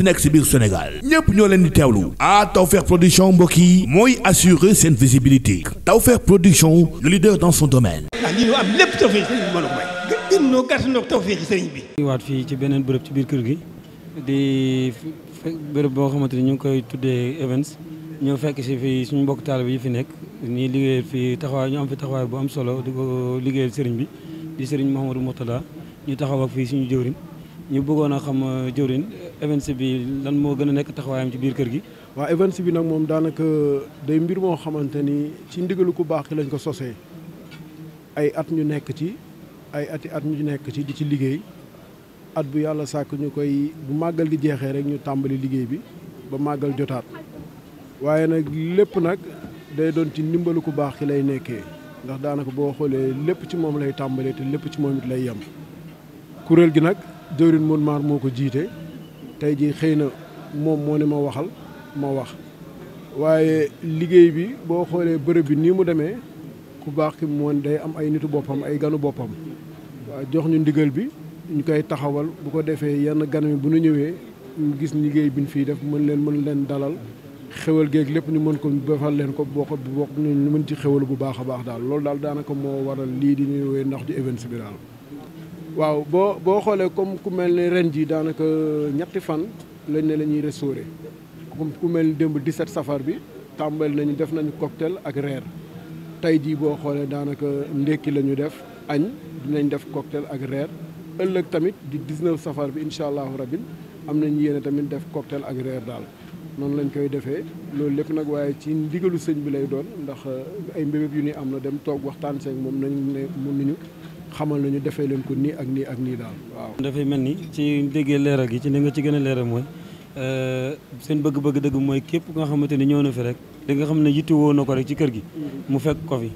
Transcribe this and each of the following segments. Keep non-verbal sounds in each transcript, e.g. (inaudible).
munti nekk si biir Sénégal ñépp ñoo leen di teewlu ah Tawfekh production mbokk yi mooy assurer seen visibilité Tawfekh production le leader dans son domaine. ah lii ñu am lépp Tawfekh sëriñ bi mën sëriñ bi. ñu waat fii ci beneen bërëb ci biir kër gi di bërëb boo xamante ni ñu ngi koy tuddee events ñoo fekk si fii suñu mbokk taalibe yi fi nekk ñuy liggéeyal fii taxawaay ñu am fi taxawaay bu am solo di ko liggéeyal sëriñ bi di sëriñ Mouhamadou Mourtada ñu taxaw fii suñu jëwriñ ñu bëggoon a xam euh, jëwrin events bi lan moo gën a nekk taxawaayam ci biir kër gi waa events bi nag moom daanaka day mbir moo xamante ni ci ndigalu ku baax ki lañ ko sosee ay at ñu nekk ci ay ati at ñu nekk ci di ci liggéey at bu yàlla sàkk ñu koy bu màggal di jeexee rek ñu tàmbali liggéey bi ba màggal jotaat waaye nag lépp nag day doon ci ndimbalu ku baax ki lay nekkee ndax daanaka boo xoolee lépp ci moom lay tàmbalee te lépp ci moom it lay yem kuréel jëwrin mun maar moo ko jiite tey jii xëy na moom moo ne ma waxal ma wax waaye liggéey bi boo xoolee bërëb bi nii mu demee ku baax ki moom day am ay nitu boppam ay ganu boppam waaw jox ñu ndigal bi ñu koy taxawal bu ko defee yenn gan mi bu ñu ñëwee ñu gis liggéey bi ñu fiy def mën leen mën leen dalal xewal géeg lépp ñu mën ko defal leen ko boo ko boo ñu mën ci xewal bu baax a baax daal loolu daal daanaka moo waral lii di ñuy woowe ndax di events bi waaw boo boo xoolee comme ku mel ne ren ji daanaka ñetti fan lañ ne la ñuy restauré comme ku mel ni démb 17 safar bi tàmbali nañu def nañu cocktail ak tey jii boo xoolee daanaka ndékki la ñu def añ dinañ def cocktail ak reer ëllëg tamit di 19 safar bi incha allahu rabin am nañ yéene tamit def cocktail ak reer daal noonu lañ koy defee loolu lépp nag waaye ci ndigalu sëñ bi lay doon ndax ay mbébét yu ni am na dem toog waxtaan seeg moom nañ ne mun nañu xamal nañu defee leen ko nii ak nii ak nii daal waaw. dafay mel ni ci déggee leeral gi ci ni nga ci gën a leeral mooy euh, seen bëgg-bëgg dëgg mooy képp nga xamante ni ñëw na fi rek li nga xam ne yittewoo na ko rek ci kër gi mu fekk ko fi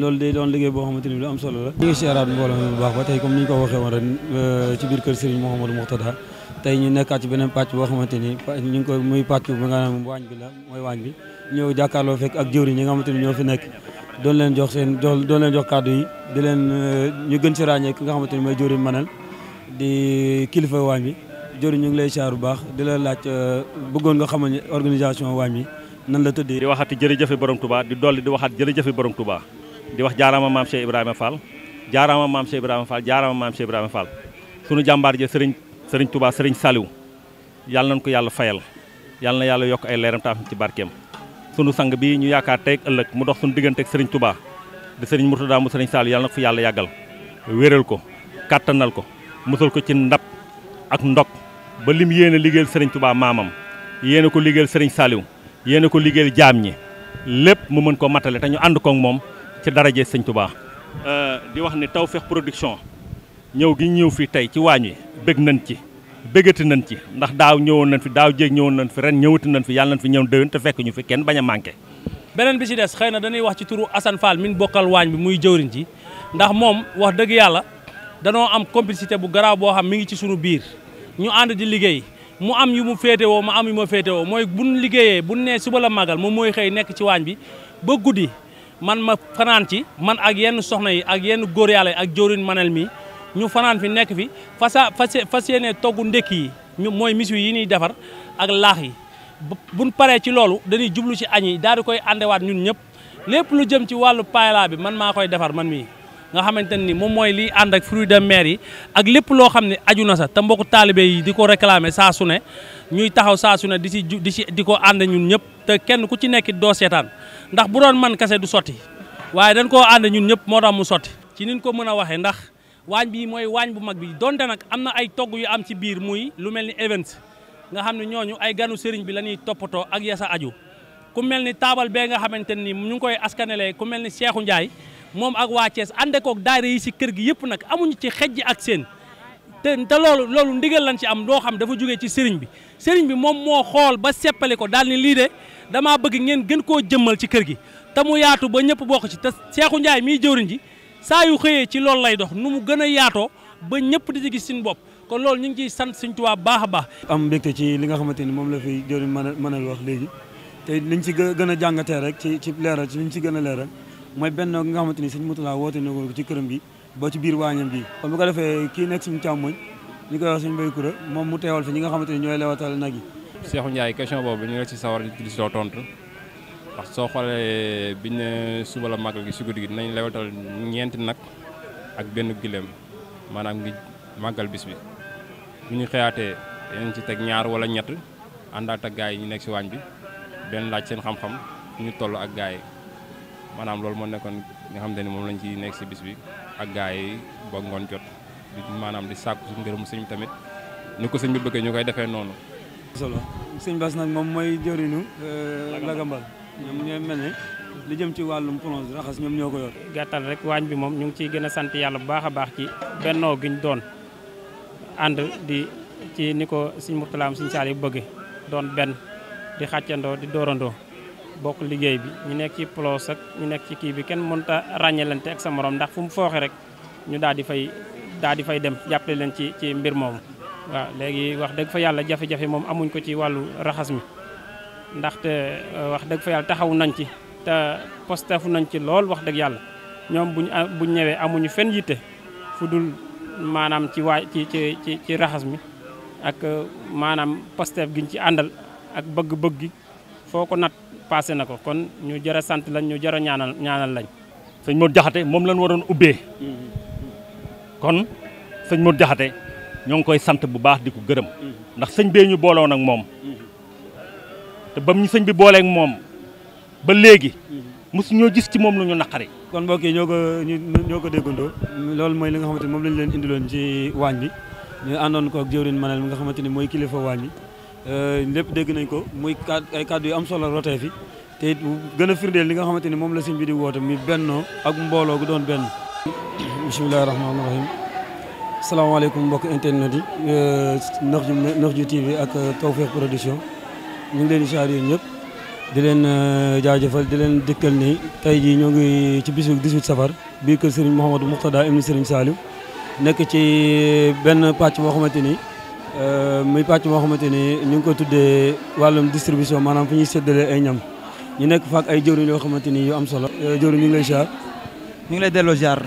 loolu day doon liggéey boo xamante ni lu am solo la ñu ngi siaraat mbooloo mi bu baax ba tey comme ni ñu ko waxee woon ren euh, ci biir kër Serigne Mouhamadou Mourtada tey ñu nekkaat ci beneen pàcc boo xamante ni ñu ngi koy muy pàcc bi nga bi la mooy waañ bi ñëw jàkkaarloo fekk ak ñi nga xamante ni ñoo fi nekk doon leen jox seen doon leen jox kàddu yi di leen euh, ñu gën si ràññee ki nga xamante ni mooy Dioury Manel di kilifa waañ bi Dioury ñu ngi lay siyaar bu baax di la laaj euh, bëggoon nga xamal organisation waañ bi nan la tëddee. di waxati jërëjëfe borom tubaa di dolli di waxaat jërëjëfe borom Touba di wax jaaraama maam Cheikh Ibrahima Fall jaaraama maam Cheikh Ibrahima Fall jaaraama maam Cheikh Ibrahima Fall sunu jàmbaar ji sëriñ sëriñ tubaa sëriñ Saliou yàlla nañ ko yàlla fayal yàlla na yàlla yokk ay leeram ci barkeem sunu sang bi ñu yaakaar tey ëllëg mu dox sunu diggante ak sëriñ Touba di sëriñ Mourtada mu sëriñ Saliou yàlla na ko fi yàlla yàggal wéral ko kàttanal ko musal ko ci ndab ak ndog ba lim yéen a liggéeyal sëriñ Touba maamam yéen ko liggéeyal sëriñ saaliw yéene ko liggéeyal jaam ñi lépp mu mën koo matale te ñu ànd koog moom ci daraje sëñ Touba. Euh, di wax ni Tawfekh Production ñëw gi ñëw fii tey ci waañ wi bég nañ ci. bëggati nañ ci ndax daaw ñëwoon nañ fi daaw jéeg ñëwoon nañ fi ren ñëwati nañ fi yàlla nañ fi ñëw déwén te fekk ñu fi kenn bañ a manqué beneen bi si des xëy na dañuy wax ci turu Assane Fall min bokkal waañ bi muy jëwriñ ji ndax moom wax dëgg yàlla danoo am complicité bu garaaw boo xam mi ngi ci suñu biir ñu ànd di liggéey mu am yu mu féete woo ma am yu ma woo mooy bu liggéeyee bu nee suba la màggal moom mooy xëy nekk ci waañ bi ba guddi man ma fanaan ci man ak yenn soxna yi ak yenn góor yàlla ak jëwriñ manel mi ñu fanaan fi nekk fi fasa e- fas yéene togg ndekk yi ñu mooy misu yi ñuy defar ak laax yi buñ paree ci loolu dañuy jublu ci añ yi daal di koy àndewaat ñun ñëpp lépp lu jëm ci wàllu paella bi man maa koy defar man mii nga xamante ni moom mooy liy ànd ak fruits de yi ak lépp loo xam ne aju na sa te mbokku taalibe yi di ko réclamer saa su ne ñuy taxaw saa su ne di si di si di ko ànd ñun ñëpp te kenn ku ci nekk doo seetaan ndax bu doon man kese du sotti waaye dañ koo ànd ñun ñëpp moo tax mu sotti ci niñ ko mën a waxee ndax waañ bi mooy waañ bu mag bi donte nag am na ay togg yu am ci biir muy lu mel ni event nga xam ne ñooñu ay ganu sëriñ bi la ñuy toppatoo ak yasa aju ku mel ni taabal bee nga xamante ni ñu ngi koy askanelee ku mel ni Cheikhou Ndiaye moom ak waa Thiès ànd koog daayira si kër gi yëpp nag amuñu ci xejj ak seen te te loolu loolu ndigal lañ ci am doo xam dafa jógee ci sëriñ bi sëriñ bi moom moo xool ba seppali ko daal ni lii de damaa bëgg ngeen gën koo jëmmal ci kër gi te mu yaatu ba ñëpp bokk ci te Cheikhou Ndiaye miy jëwriñ ji saa yu xëyee ci loolu lay dox nu mu gën a yaatoo ba ñëpp di ci gis suñu bopp kon loolu ñu ngi ciy sant Sëñ Tuubaa baax a baax. am mbégte ci li nga xamante ni moom la fi jëriñ mën a mën wax léegi te liñ ci gën a jàngatee rek ci ci leeral ci liñ ci gën a leeral mooy benn nga xamante ni Sëñ Murtala woote na ko ci këram gi ba ci biir waañam bi kon bu defee kii nekk suñu càmmoñ ñu koy wax suñu mbéy moom mu teewal fi ñu nga xamante ni ñooy lewatal nag yi. Cheikhou Ndiaye question boobu ñu ngi ci sawar di ndax soo xoolee bi ne suba la màggal gi si guddi gi dinañ lewatal ñeenti nag ak benn giléem maanaam ngi màggal bis bi bu ñu xëyaatee yeneen ci teg ñaar wala ñett àndaat ak yi ñu nekk si waañ bi benn laaj seen xam-xam ñu toll ak gars yi maanaam loolu moo nekkoon nga xam te ni moom lañ ci nekk si bis bi ak gars yi ba ngoon jot di maanaam di sàkku su ngërëmu sëñ bi tamit ni ko sëñ bi bëggee ñu koy defee noonu. solo sëñ Bass nag moom mooy jëriñu euh, Lagambal ñoom ngeen mel ne li jëm ci wàllum plonge raxas ñoom ñoo ko yoon gàttal rek waañ bi moom ñu ngi ciy gën a sant yàlla bu baax a baax ci bennoo gi ñu doon ànd di ci ni ko suñ murtalaam suñ saal yu bëgge doon benn di xàccandoo di doorandoo bokk liggéey bi ñu nekk ci plonge ak ñu nekk ci kii bi kenn mënta ràññelante ak sa morom ndax fu mu fooxe rek ñu daal di fay daal di fay dem jàppale leen ci ci mbir moomu waaw léegi wax dëgg fa yàlla jafe-jafe moom amuñ ko ci wàllu raxas mi ndaxte euh, wax dëgg fa yàlla taxawu nañ ci te postafu nañ ci lool wax dëgg yàlla ñoom buñ ah, buñ ñëwee amuñu fenn yitte fu dul maanaam ci waay ci ci ci ci raxas mi ak euh, maanaam postef giñ ci àndal ak bëgg-bëgg gi foo ko nat passé na ko kon ñu jara sant lañ ñu jara ñaanal ñaanal lañ sëñ Modou Diakhaté moom lañ waroon ubbee kon sëñ Modou jaxate ñoo ngi koy sant bu baax di ko gërëm mm-hmm. ndax sëñ bee ñu booloon ak moom mm-hmm. te bam ñu sëñ bi booleek moom ba léegi mhm. mosu ñoo gis ci moom lu ñu naqari. kon mbokk yi ñoo ko ñoo ko déggandoo loolu mooy li nga xamante ni moom lañ leen indiloon ci waañ bi ñu àndoon ko ak jëwriñ Manel mi nga xamante ni mooy kilifa waañ bi euh, lépp dégg nañ ko muy ay kàddu yu am solo rotee fi gën a firndeel li nga xamante ni moom la sëñ bi di woote mi bennoo ak mbooloo gu doon benn. (coughs) bisimilah rahmaani rahim salaamaaleykum mbokk internet yi euh, Nox ju Nox ju TV ak Tawfekh Production. ñu ngi leen di siyaar yéen ñëpp di leen euh, jaajëfal di leen dikkal ni tey jii ñoo ngi ci bisu 18 safar biir kër Serigne Mouhamadou Mouxtada ibn Serigne Saliou nekk ci euh, benn pàcc boo xamante ni euh, muy pàcc boo xamante ni ñu ngi ko tuddee wàllum distribution maanaam fu ñuy séddalee ay ñam ñu nekk faak ay jëwriñ yoo xamante ni yu am solo. jëwriñ ñu ngi ñu ngi lay delloo siyaar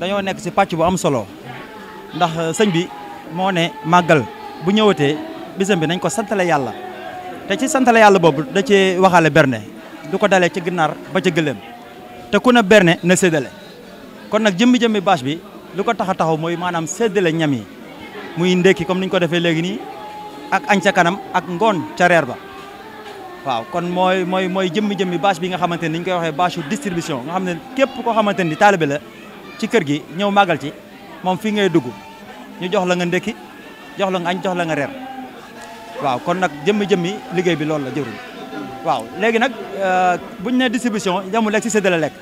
dañoo nekk si pàcc bu am solo ndax sëñ bi moo ne màggal bu ñëwatee bisam bi nañ ko santale yàlla. te ci santale yàlla boobu da ci waxaale berne du ko dalee ci ginaar ba ca gëléem te ku ne berne na séddale kon nag jëmmi-jëmmi bâche bi lu ko tax a taxaw mooy maanaam séddale ñam yi muy ndékki comme ni ñu ko defee léegi nii ak añ ca kanam ak ngoon ca reer ba waaw kon mooy mooy mooy jëmmi-jëmmi bâche bi nga xamante ni ni ñu koy waxee bâche distribution nga xam ne képp koo xamante ni taalibe la ci kër gi ñëw màggal ci moom fii ngay dugg ñu jox la nga ndékki jox la nga añ la nga waaw kon nag jëmmi-jëmmi liggéey bi loolu la jëruñ waaw léegi nag euh, buñu ne distribution yamul lekk si la lekk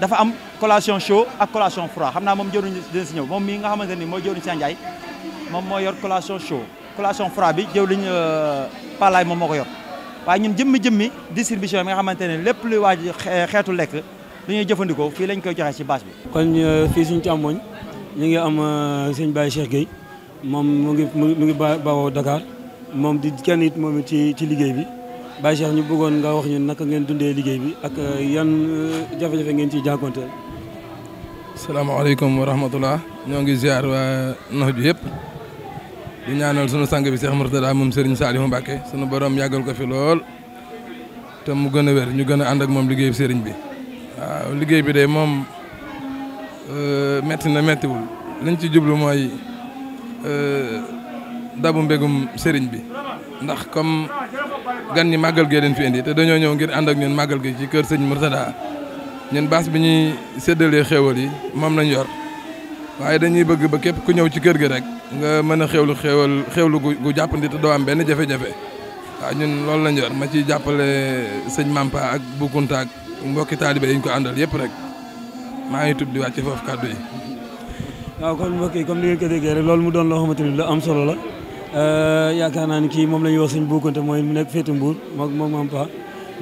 dafa am collation chaud ak collation froid xam naa moom jëruñ dina si ñëw moom mii nga xamante ni mooy jëruñ Sandiaye moom moo yor collation chaud collation froid bi jëw liñ euh, palaay moom moo ko yor waaye ñun jëmmi-jëmmi distribution bi nga xamante ne lépp luy waaj xeetu lekk lu ñuy jëfandikoo fii lañ koy joxee si bâche bi kon euh, fii suñu càmmoñ ñu ngi am sëñ Baye Cheikh moom mu ngi mu ngi bawoo Dakar moom di kenn it moom ci ci liggéey bi Baye Cheikh ñu bëggoon nga wax ñun naka ngeen dundee liggéey bi ak euh, yan euh, jafe-jafe ngeen ci jànkonteel. salaamaaleykum wa rahmatullah ñoo ngi ziar waa Nahju yëpp di ñaanal sunu sang bi Cheikh Mourtada moom Serigne Saliou Mbacké sunu borom yàggal ko fi lool te mu gën a wér ñu gën a ànd ak moom liggéey bi Serigne bi waaw liggéey bi de moom euh, metti na mettiwul liñ ci jublu mooy. Euh, dabu mbégum sëriñ bi ndax comme gan ñi màggal gee leen fi te dañoo ñëw ngir ànd ak ñun màggal gi ci kër sëñ Murtada ñun baas bi ñuy séddalee xéewal yi moom lañ yor waaye dañuy bëgg ba képp ku ñëw ci kër gi rek nga mën a xewlu xéewal xéewlu gu jàppandi te doo am benn jafe-jafe waaw ñun loolu lañ yor ma ci jàppale sëñ Mampa ak Boukounta ak mbokki taalibe yi ñu ko àndal yëpp rek maa ngi tudd di wàcc foofu kàddu waaw kon mbokk yi comme ni ngeen ko déggee rek loolu mu doon loo xamante lu am solo la euh, yaakaar naa ni kii moom la ñuy wax suñ buukante mooy mu nekk féete Mbuur moom moom am pa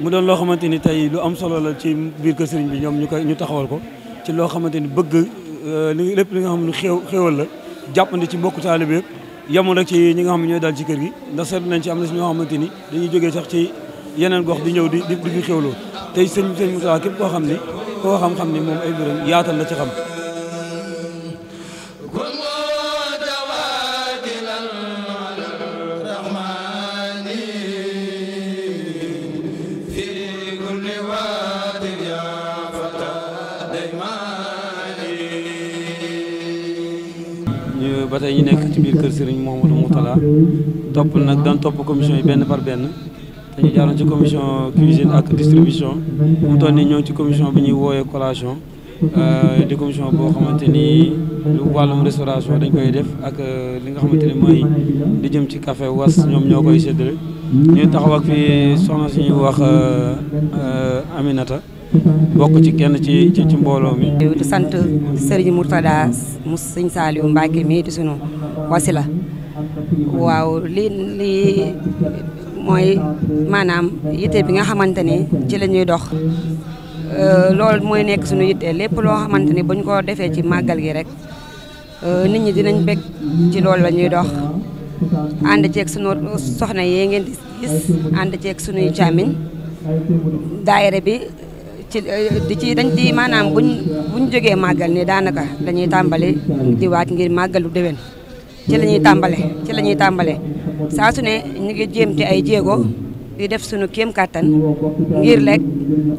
mu doon loo xamante ni tey lu am la ci biir kër sëriñ bi ñoom ñu koy ñu taxawal ko ci loo xamante ni bëgg euh, li lépp li nga xam ne xew xewal la jàppandi ci mbokku taalibe yëpp yemul rek ci ñi nga xam ñooy daal ci kër gi ndax seetlu nañ ci am na si ñoo xamante ni dañuy jógee sax ci yeneen gox di ñëw di di fi xéwloo tey sëñ sëñ Moussa képp koo xam ni koo xam-xam ni moom ay mbiram yaatal la ci xam ci biir kër Serigne Mouhamadou Moutala topp nag daan topp commission yi benn par benn te ñu jaaroon ci commission cuisine ak distribution mu toll nii ñoo ci commission bi ñuy wooyee collation euh, di commission boo xamante ni lu wàllum restauration dañ koy def ak euh, li nga xamante ni mooy di jëm ci café was ñoom ñoo koy séddale ñuy taxaw ak fii soxna ñuy wax euh, Aminata. bokk ci kenn ci ci mbooloo mi. di sant Serigne Mourtada mu sëñ Saliou Mbacke mii di sunu la waaw lii li mooy maanaam yitte bi nga xamante ni ci lañuy dox. Euh, loolu mooy nekk suñu yittee lépp loo xamante ni buñ ko defee ci màggal gi rek euh, nit ñi dinañ bég ci loolu la ñuy dox ànd ceeg sunu soxna yee ngeen di gis ànd ceeg sunuy càmmiñ daayira bi ci di ci dañ di maanaam buñ buñ jógee màggal ni daanaka lañuy tàmbali di waaj ngir màggalu dewen ci la ñuy tàmbale ci lañuy tàmbale saa su ne ñu ngi ci ay jéego di def suñu kéem kàttan ngir lekk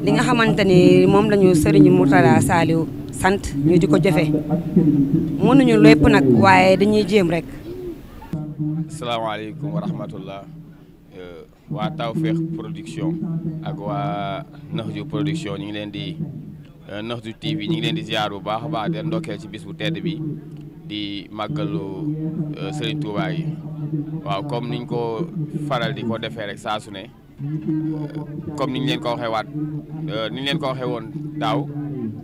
li nga xamante ni moom la ñu mu Mourtada Saliou sant ñu di ko jëfe nañu lépp nag waaye dañuy jéem rek asalaamaaleykum wa rahmatullah euh, waa Tawfekh production ak waa Naxju production ñu ngi leen di euh, Naxju TV ñu ngi leen di ziar bu baax a baax den ndokkeel ci bis bu tedd bi di màggalu euh, Serigne Touba yi waaw comme niñ ko faral di ko defee rek saa su ne euh, comme niñ leen ko waxee waat niñ leen ko waxee woon taaw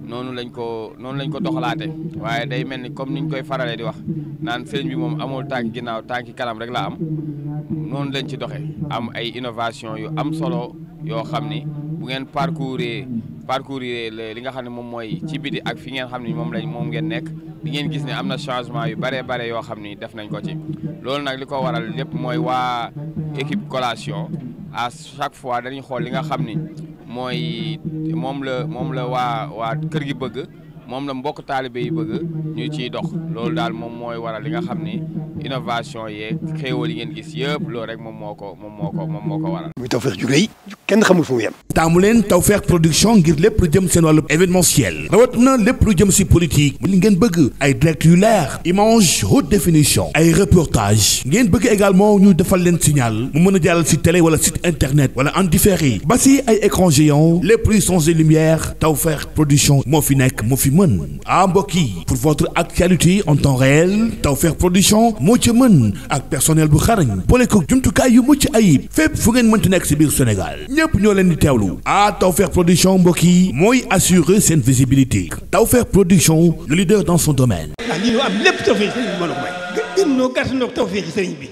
noonu lañ ko noonu lañ ko doxalaate waaye day mel ni comme niñ koy faralee di wax naan sëriñ bi moom amul tànk ginnaaw tànki kanam rek laa am noonu lañ ci doxe am ay innovation yu am solo yoo xam ni bu ngeen parcourir parcourir li nga xam ne moom mooy ci biti ak fi ngeen xam ne moom lañ moom ngeen nekk di ngeen gis ne am na changement yu bare bare yoo xam ni def nañ ko ci loolu nag li ko waral lépp mooy waa équipe collation à chaque fois dañuy xool li nga xam ni mooy moom la moom la waa waa kër gi bëgg moom la mbokk taalibe yi bëgg ñu ciy dox loolu daal moom mooy waral li nga xam ni innovation yeeg xéewal yi ngeen gis yëpp loolu rek moom moo ko moom moo ko moo ko waral. muy Tawfekh jugee yi kenn xamul fu mu yem. taamu leen Tawfekh production ngir lépp lu jëm seen wàllu événementiel rawat na lépp lu jëm si politique li ngeen bëgg ay direct yu leer image haute définition ay reportage ngeen bëgg également ñu defal leen signal mu mën a jàllal si télé wala site internet wala en différé ba si ay écran géant lépp luy changé lumière Tawfekh production moo fi nekk mën ah mbokk yi pour votre actualité en temps réel Tawfekh Production moo ci mën ak personnel bu xarañ boole ko jumtukaay yu mucc ayib fépp fu ngeen mënti nekk si biir Sénégal ñépp ñoo leen di teewlu ah Tawfekh Production mbokk yi mooy assurer seen visibilité Tawfekh Production le leader dans son domaine. ah lii am lépp noo gàtt noo Tawfekh sëriñ bi.